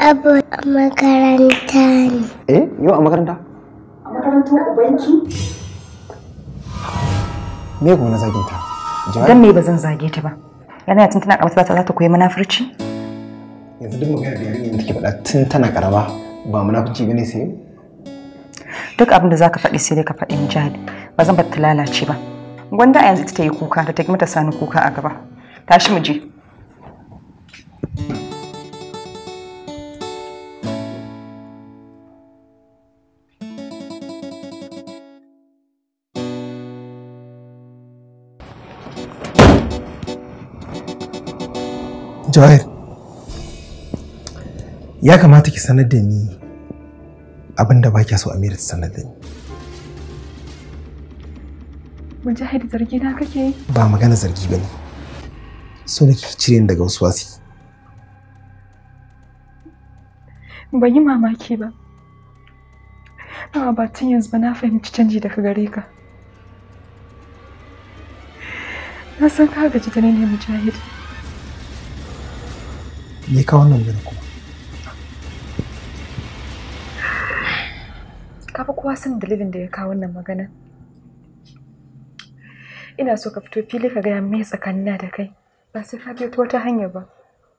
Abu a makaranta ne. Eh, yau a makaranta? A makarantar ubanki? Me kuma na zagin ta? Dan me ba zan zage ta ba? Yana tun tana karama ta za ta koyi munafurci? Yanzu duk magana da yarinyar take faɗa tun tana karama ba munafurci bane sai Duk abin da zaka faɗi sai dai ka faɗi jihadi. Ba zan bar ta lalace ba. Gwanda a yanzu ita ta yi kuka da ta mata sani kuka a gaba. Tashi mu je. Jawahir, ya kamata ki sanar da ni abin da ba so Amira ta sanar da ni. Mujahid zargi na kake yi? Ba magana zargi ba ne. So nake cire ni daga wasu wasi. Ban yi mamaki ba. Awa ba tun yanzu ba na fahimci canji daga gare ka. Na san ka gaji da ne Mujahid. me ka wannan gani kuma ka fi kowa san dalilin da ya kawo wannan magana ina so ka fito fili ka gaya me tsakanina da kai ba sai ka biyo ta wata hanya ba